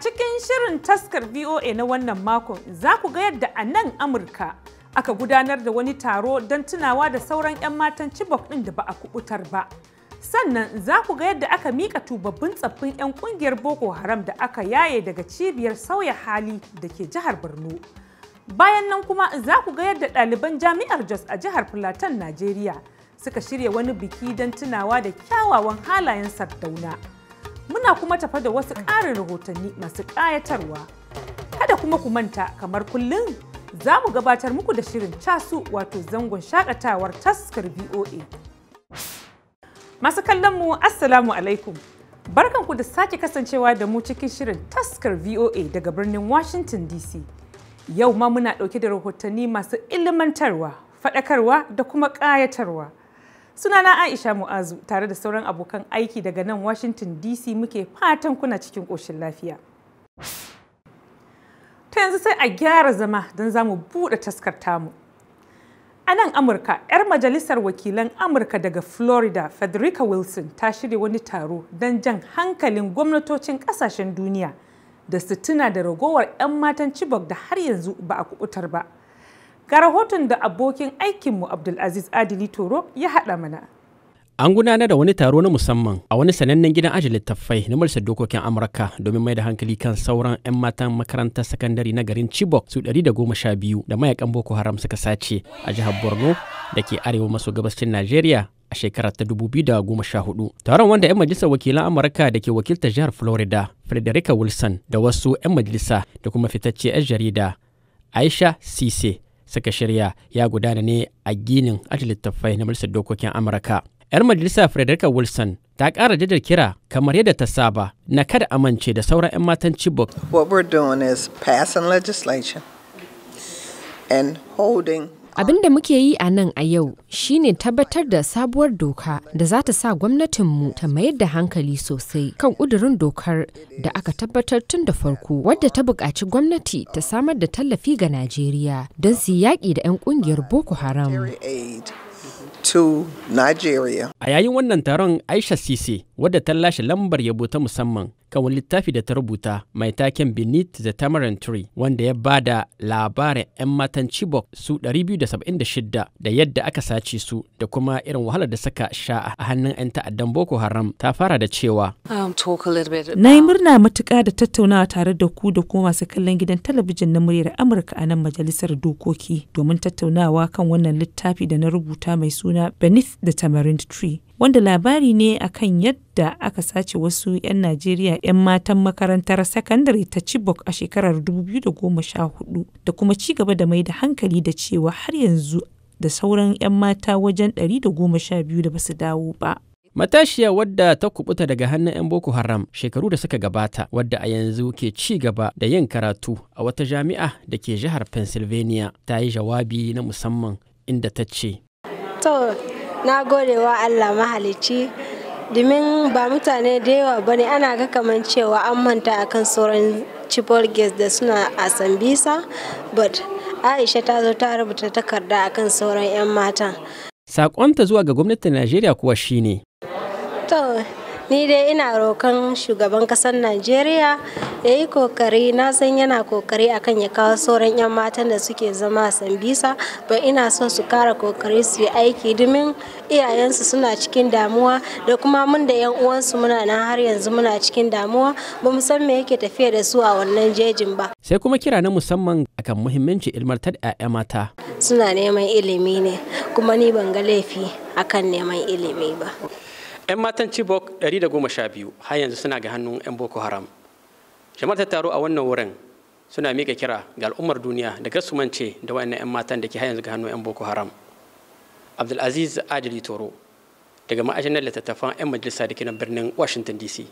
cikin shirin taskar VOA na wannan makon za ku ga yadda a nan Amurka aka gudanar da wani taro don tunawa da sauran 'yan matan Chibok ɗin da ba a kubutar ba. Sannan za ku ga yadda aka mika tubabbin tsaffin 'yan kungiyar Boko Haram da aka yaye daga cibiyar sauya hali da ke jihar Borno. Bayan nan kuma za ku ga yadda ɗaliban jami'ar Jos a jihar Plateau, Najeriya suka shirya wani biki don tunawa da kyawawan halayen Sardauna. Muna kuma tafa da wasu ƙarin rahotanni masu ƙayatarwa. Kada kuma ku manta kamar kullum za mu gabatar muku da shirin casu wato zangon shakatawar taskar VOA. Masu kallon mu Assalamu alaikum. Barkanku da sake kasancewa da mu cikin shirin taskar VOA daga birnin Washington DC. Yau ma muna ɗauke da rahotanni masu ilmantarwa, faɗakarwa da kuma ƙayatarwa. Sunana Aisha Mu'azu tare da sauran abokan aiki daga nan Washington DC muke fatan kuna cikin ƙoshin lafiya. Ta yanzu sai a gyara zama don za mu buɗe taskar tamu. A nan Amurka, 'yar majalisar wakilan Amurka daga Florida, Federica Wilson, ta shirya wani taro don jan hankalin gwamnatocin ƙasashen duniya da su tuna da ragowar 'yan matan Chibok da har yanzu ba a kubutar ba. Ga rahoton da abokin aikinmu Abdulaziz Adili Toro ya haɗa mana. An gudanar da wani taro na musamman a wani sanannen gidan ajiyar littattafai na Majalisar Dokokin Amurka domin mai da hankali kan sauran 'yan matan makarantar sakandare na garin Chibok su 112 da mayakan Boko Haram suka sace a jihar Borno da ke arewa maso gabashin Najeriya a shekarar ta 2014. Taron wanda 'yan majalisar wakilan Amurka da ke wakilta jihar Florida, Frederica Wilson da wasu 'yan majalisa da kuma fitacce 'yan jarida Aisha Sise suka shirya ya gudana ne a ginin aji littattafai na majalisar dokokin amurka 'yar majalisa frederica wilson ta kara jadar kira kamar yadda ta saba na kada amince da sauran 'yan matan chibok Abin da muke yi a nan a yau shine tabbatar da sabuwar doka da za ta sa gwamnatinmu ta mayar da hankali sosai kan ƙudurin dokar da aka tabbatar tun da farko wadda ta buƙaci gwamnati ta samar da tallafi ga Najeriya don su yaƙi da 'yan ƙungiyar Boko Haram. to Nigeria. A yayin wannan taron Aisha Sise wadda ta lashe lambar yabo ta musamman kan wani littafi da ta rubuta mai taken Beneath the Tamarind Tree wanda ya ba da labarin 'yan matan Chibok su 276 da yadda aka sace su da kuma irin wahalar da suka sha a hannun 'yan ta'addan Boko Haram ta fara da cewa. Na yi murna matuƙa da tattaunawa tare da ku da kuma masu kallon gidan talabijin na muryar Amurka a nan majalisar dokoki domin tattaunawa kan wannan littafi da na rubuta mai suna suna Beneath the Tamarind Tree, wanda labari ne akan yadda aka sace wasu 'yan Najeriya 'yan matan makarantar sakandare ta Chibok a shekarar 2014 da kuma ci gaba da mai da hankali da cewa har yanzu da sauran 'yan mata wajen 112 da basu dawo ba. Matashiya wadda ta kubuta daga hannun 'yan Boko Haram shekaru da suka gabata wadda a yanzu ke ci gaba da yin karatu a wata jami'a da ke jihar Pennsylvania ta yi jawabi na musamman inda ta ce To, na gode wa Allah mahalicci. Domin ba mutane da yawa ba ne ana ga kamar cewa an manta akan sauran Chibol da suna a Sambisa, but Aisha ta zo ta rubuta takarda akan sauran 'yan matan. Sakonta zuwa ga gwamnatin Najeriya kuwa shine. To, ni dai ina rokon shugaban kasar najeriya ya yi kokari na san yana kokari akan ya kawo sauran 'yan matan da suke zama a sambisa ba ina so su kara kokari su yi aiki domin iyayensu suna cikin damuwa da kuma mun da 'yan uwansu muna na har yanzu muna cikin damuwa ba mu san me yake tafiya da su a wannan jejin ba sai kuma kira na musamman akan muhimmanci ilmantar 'ya'ya mata suna neman ilimi ne kuma ni ban ga laifi akan neman ilimi ba 'yan matan chibok 112 har yanzu suna ga hannun 'yan boko haram jama'a ta taru a wannan wurin suna mika kira ga al'ummar duniya da su mance da wa'annan 'yan matan da ke har yanzu ga hannun 'yan boko haram abdulaziz Adil toro daga ma'ajinar littattafan 'yan majalisa da ke nan birnin washington dc